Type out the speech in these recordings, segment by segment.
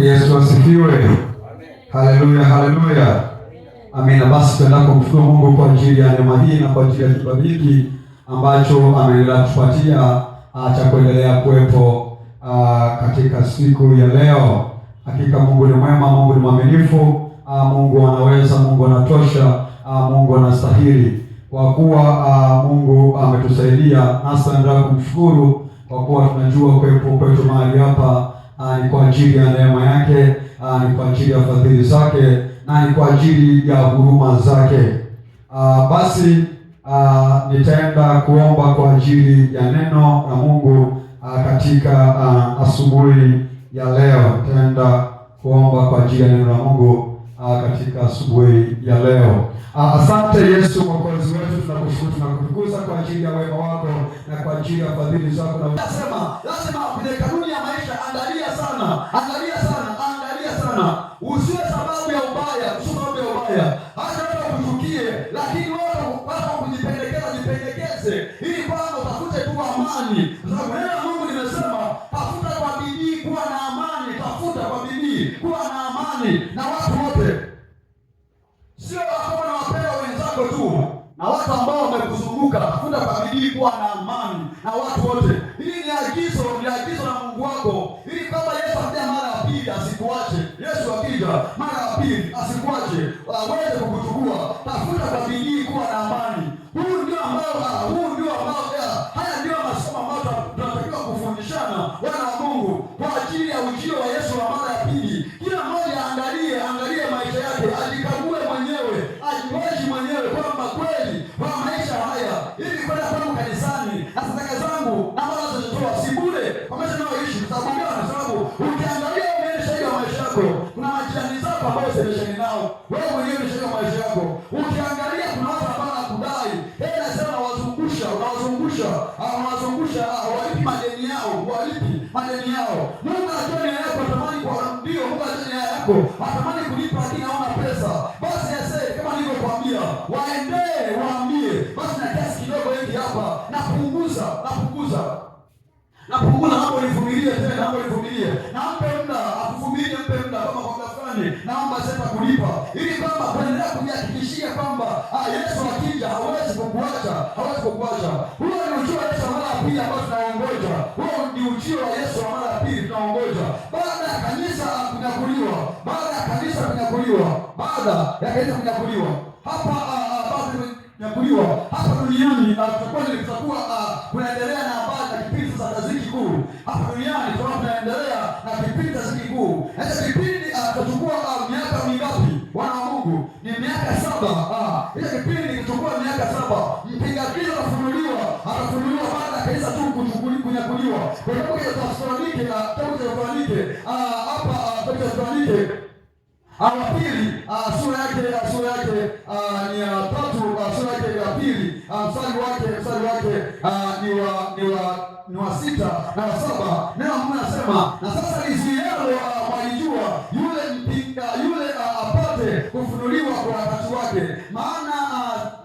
Yesu asifiwe. Haleluya, haleluya, amina. Basi tuendaa kumshukuru Mungu kwa ajili ya neema hii na kwa ajili ya kibali hiki ambacho ameendelea kutupatia ah, cha kuendelea kuwepo ah, katika siku ya leo. Hakika Mungu ni mwema, Mungu ni mwaminifu, ah, Mungu anaweza, Mungu anatosha, Mungu anastahili. Kwa kuwa Mungu ametusaidia, hasa endelea kumshukuru kwa kuwa tunajua kuwepo kwetu mahali hapa Ah, ni kwa ajili ya neema yake, ah, ni kwa ajili ya fadhili zake, na ni kwa ajili ya huruma zake. Ah, basi nitaenda kuomba kwa ajili ya neno la Mungu katika asubuhi ya leo. Nitaenda kuomba kwa ajili ya neno la Mungu katika asubuhi ya leo. Ah, asante Yesu mwokozi wetu, tunakushukuru, kukukuza kwa ajili ya wema wako na kwa ajili ya fadhili zako. Na nasema lazima kwenye kanuni ya maisha, angalia sana, angalia sana, angalia sana, usiwe sababu ya ubaya. amani na watu wote. Hili ni agizo, ni agizo na Mungu wako, ili kama Yesu akija mara ya pili asikuache. Yesu akija mara ya pili asikuache, aweze kukuchukua. Tafuta kwa bidii kuwa na amani. Huu ndio ambao, ah, huu ndio ambao, haya ndio masomo ambayo tunatakiwa kufundishana wana wa Mungu kwa ajili ya ujio wa Yesu wa mara ya pili. Kila mmoja angalie, angalie maisha yake. maisha yao, walipi madeni yao, walipi madeni yao. Mungu anatoa nia yako, atamani kwa ndio, Mungu anatoa nia yako, atamani kulipa, lakini haona pesa. Basi yase kama nilivyokuambia, waendee waambie, basi na kiasi kidogo hiki hapa, napunguza, napunguza, napunguza, hapo nivumilie tena, hapo nivumilie, nampe muda akuvumilie, mpe muda kama kwa fulani, naomba sasa kulipa, ili kwamba kuendelea kujihakikishia kwamba ah, Yesu akija hawezi kukuacha, hawezi kukuacha. ujio wa Yesu wa mara ya pili tunaongozwa baada ya kanisa kunyakuliwa, baada ya kanisa kunyakuliwa, baada ya kanisa kunyakuliwa hapa ah, ah, kunyakuliwa hapa duniani, ah, tutakuwa tutakuwa kunaendelea na habari na kipindi za ziki kuu hapa duniani, tunaendelea na kipindi za ziki kuu hata kipindi Ah, ah, ah, pili sura yake sura yake ni ya tatu, sura yake ya pili mstari wake mstari wake ni wa ni wa ni wa sita na wa saba. Neno Mungu anasema, na sasa Israeli walijua yule mpinga yule apate kufunuliwa kwa wakati wake, maana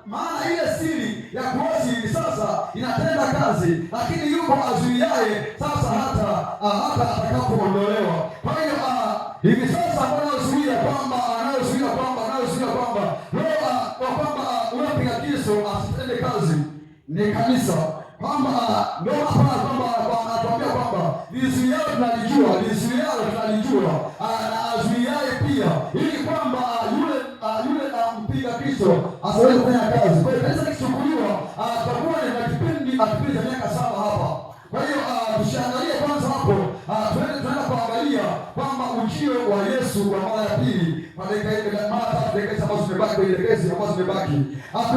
maana ile siri ya kuozi hivi sasa inatenda kazi, lakini yuko azuiaye sasa hata hata atakapoondolewa. Kwa hiyo ah, hivi sasa wanaozuia kwamba anayozuia kwamba anayozuia kwamba ah, kwa kwamba ah, unapiga kiso asitende kazi ni kanisa, kwamba ndio hapa kwamba anatuambia kwamba vizuiao tunalijua, vizuiao tunalijua, na pia, ili kwamba yule yule ampiga kiso asiweze kufanya kazi. Kwa hiyo kanisa likichukuliwa, atakuwa na kipindi kipindi cha miaka saba hapa. Kwa hiyo tunaenda kuangalia kwamba ujio wa Yesu kwa mara ya pili, mara tatu, dakika ambazo zimebaki kwenye dakika hizi ambazo zimebaki,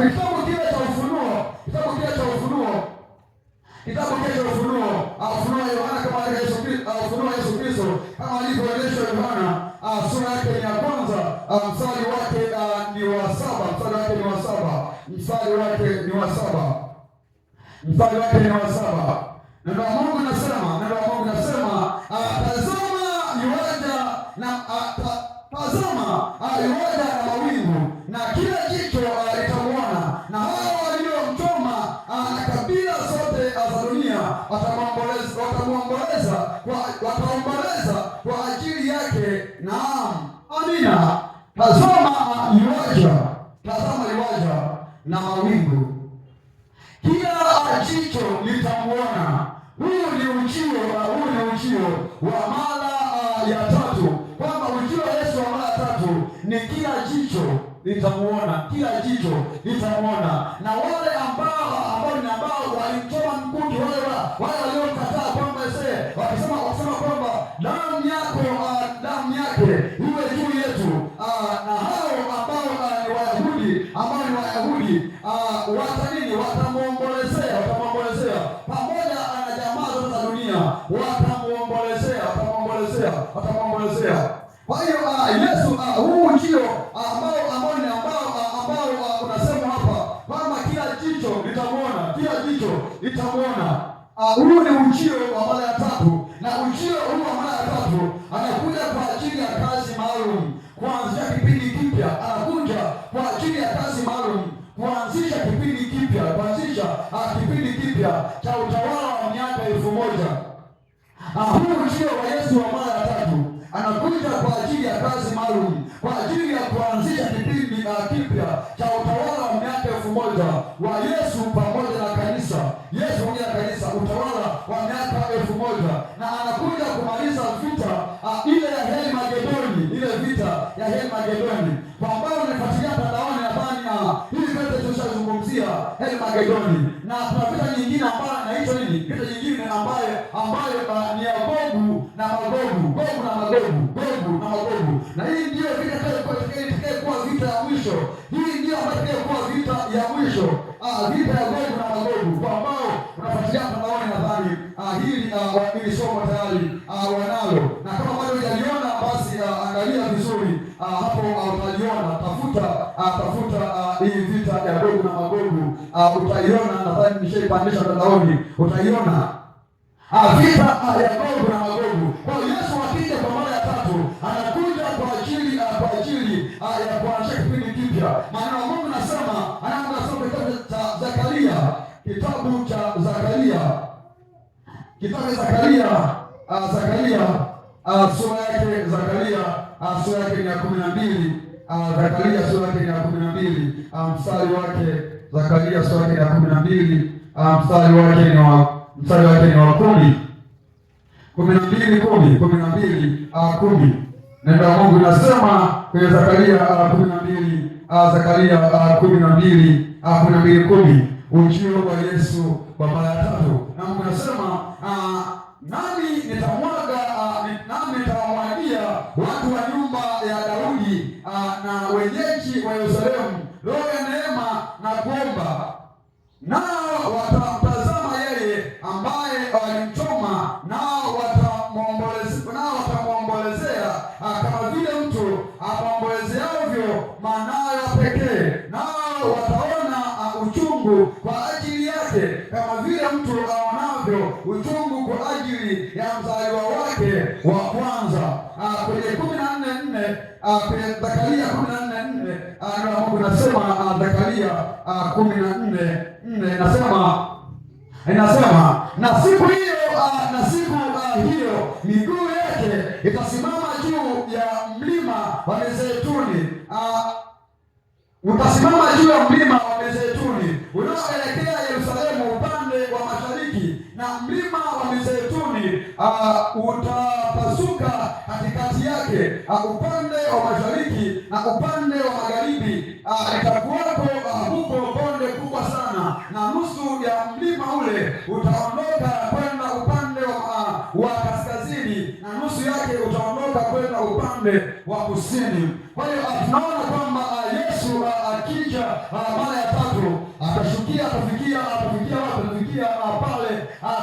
kitabu kile cha Ufunuo, kitabu kile cha Ufunuo, kitabu kile cha Ufunuo, Ufunuo wa Yohana, kama ile Yesu Kristo, uh, Ufunuo wa Yesu Kristo kama alivyoelezwa Yohana, uh, sura yake ya kwanza, uh, mstari wake ni wa saba, mstari wake ni wa saba, mstari wake ni wa saba, mstari wake ni wa saba Neno la Mungu nasema, neno la Mungu nasema, ah, tazama yuaja na ah, tazama ah, yuaja na mawingu, na kila jicho litamwona, na hao waliomchoma na kabila zote za dunia watamwomboleza, watamwomboleza, wataomboleza kwa ajili yake. Naam, amina. Tazama yuaja, tazama yuaja na mawingu, kila jicho litamwona huu ni ujio, huu ni ujio wa mara ah, ya tatu, kwamba ujio wa Yesu wa mara ya tatu ni kila jicho litamuona, kila jicho litamuona, na wale ambao ambao ni ambao walimtoa mkuki, wale wale waliokataa kwamba se wakisema wakisema kwamba damu yako ah, damu yake iwe juu yetu ah, na hao ambao ni Wayahudi ambao ni Wayahudi watanini watamuona anakuja kwa ajili ya kazi maalum, kuanzisha kipindi kipya. Anakuja kwa ajili ya kazi maalum, kuanzisha kipindi kipya, kuanzisha ah, kipindi kipya cha utawala wa miaka elfu moja. Ah, Huu ndio wa Yesu wa mara ya tatu, anakuja kwa ajili ya kazi maalum, kwa ajili ya kuanzisha kipindi ah, kipya cha utawala wa miaka elfu moja wa Yesu. hicho nini, hicho nyingine ambayo ambayo ni ya Gogu na Magogu, Gogu na Magogu, Gogu na Magogu. Na hii ndiyo vita itakayokuwa vita ya mwisho, hii ndiyo ambayo itakayokuwa vita ya mwisho, ah, vita ya Gogu na Magogu. Kwa ambao unafuatilia mtandaoni, nadhani ah, hili ah, somo tayari utaiona, nadhani nishaipandisha mtandaoni, utaiona ah, vita ya Gogu na Magogu. Kwa Yesu akija kwa mara ya tatu, anakuja kwa ajili ah, kwa ajili ah, ya kuanzisha kipindi kipya. Maana Mungu anasema, anaanza kitabu cha Zakaria, kitabu cha Zakaria, kitabu cha Zakaria, Zakaria sura yake Zakaria sura yake ni ya kumi na mbili Zakaria sura yake ni ya kumi na mbili mstari wake Zakaria sura ya kumi na mbili ah, mstari wake ni wa mstari wake ni wa kumi kumi na mbili kumi kumi na mbili ah, kumi Neno la Mungu linasema kwenye Zakaria ah, kumi na mbili Zakaria kumi na mbili kumi na mbili kumi ujio wa Yesu kwa mara ya tatu, na Mungu anasema nani nitamwona manara pekee, nao wataona ah, uchungu kwa ajili yake, kama vile mtu aonavyo uchungu kwa ajili ya mzaliwa wake wa kwanza. Ah, kwenye kumi na nne nne ah, kwenye Zakaria kumi na nne nne neno Mungu nasema Zakaria kumi na nne nne nasema inasema na siku hiyo na siku hiyo miguu yake itasimama juu ya mlima wa Mizeituni uh, utasimama juu ya mlima wa Mizeituni unaoelekea Yerusalemu upande wa mashariki, na mlima wa Mizeituni uh, utapasuka katikati yake uh, upande wa mashariki na upande wa magharibi uh, itakuwapo upande wa kusini. Kwa hiyo ah, tunaona kwamba ah, Yesu ah, akija mara ya tatu atashukia, atafikia atafikia atafikia pale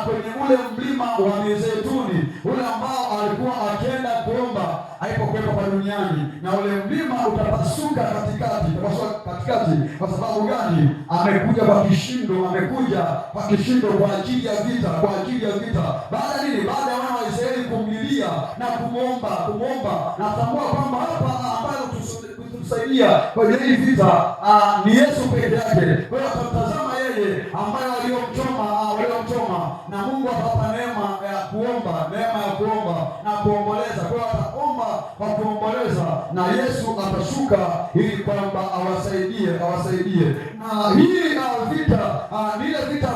kwenye ule mlima wa Mizeituni, ule ambao alikuwa akienda kuomba alipokuwepo kwa duniani, na ule mlima utapasuka katikati, utapasuka katikati. Kwa sababu gani? Amekuja kwa kishindo, amekuja kwa kishindo kwa ajili ya vita, kwa ajili ya vita. Baada nini? Baada ya wana wa Israeli kumlilia na kumwomba kumwomba, na kwamba hapa ambayo kutusaidia kwa hii vita ah, ni Yesu peke yake. Kwa hiyo atamtazama yeye ambaye waliomchoma waliomchoma, ah, na Mungu atapa neema ya kuomba, neema ya kuomba na kuomboleza. Kwa hiyo ataomba kwa kuomboleza, na Yesu atashuka ili kwamba awasaidie, awasaidie na hii ah, vita, ni ile vita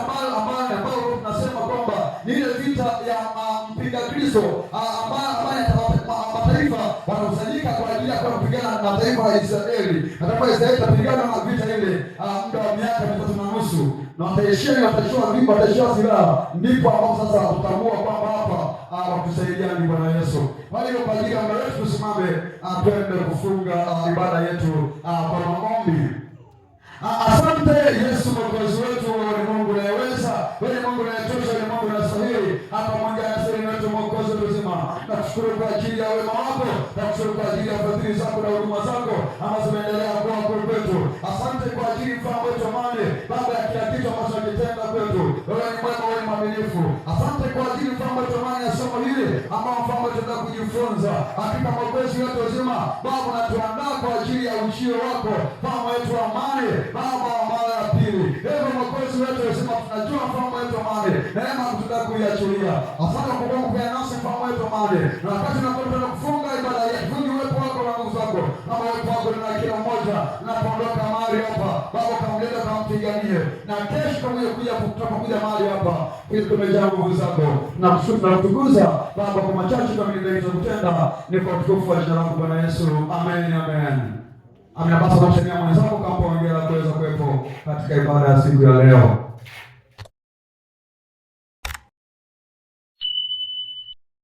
Ah, mpinga Kristo ah, ambaye mataifa wanakusanyika kwa ajili ya kwenda kupigana na mataifa ya Israeli, atakuwa Israeli tapigana na vita ile ah, muda wa miaka mitatu na nusu, na wataishia ni wataishiwa vipo, silaha. Ndipo ambapo sasa tutambua kwamba hapa watusaidiani Bwana Yesu. Kwa hiyo kwa tusimame, twende kufunga ibada yetu kwa maombi. Asante Yesu mwokozi wetu. Nakushukuru kwa ajili ya wema wako, nakushukuru kwa ajili ya fadhili zako na huduma zako ambazo zimeendelea kuwa kwetu. Asante kwa ajili mfano wetu mane Baba ya kila kitu ambacho nakitenda kwetu. Wewe ni mwema, wewe mwaminifu. Asante kwa ajili mfano wetu mane ya somo hili ambao mfano tunataka kujifunza. Hakika mwokozi wetu uzima Baba unatuandaa kwa ajili ya ushio wako, mfano wetu amani, Baba wa amani Ewe mwokozi wetu, sema tunajua mpango wetu mali. Neema tutaka kuiachilia. Asante kwa Mungu kwa nafsi mpango wetu mali. Na wakati tunapokwenda kufunga ibada ya kufunga uwepo wako na nguvu zako. Na uwepo wako na kila mmoja na kuondoka mahali hapa. Baba kaongeza kampiganie. Na kesho kama kuja kutoka kuja mahali hapa. Ili tumejaa nguvu zako. Na kushukuru na kutukuza Baba kwa machache kwa mimi ndio kutenda. Ni kwa utukufu wa jina lako Bwana Yesu. Amen. Amen. Amina, basi msemea mwenzako kama pamoja na kuweza kuwepo katika ibada ya siku ya leo.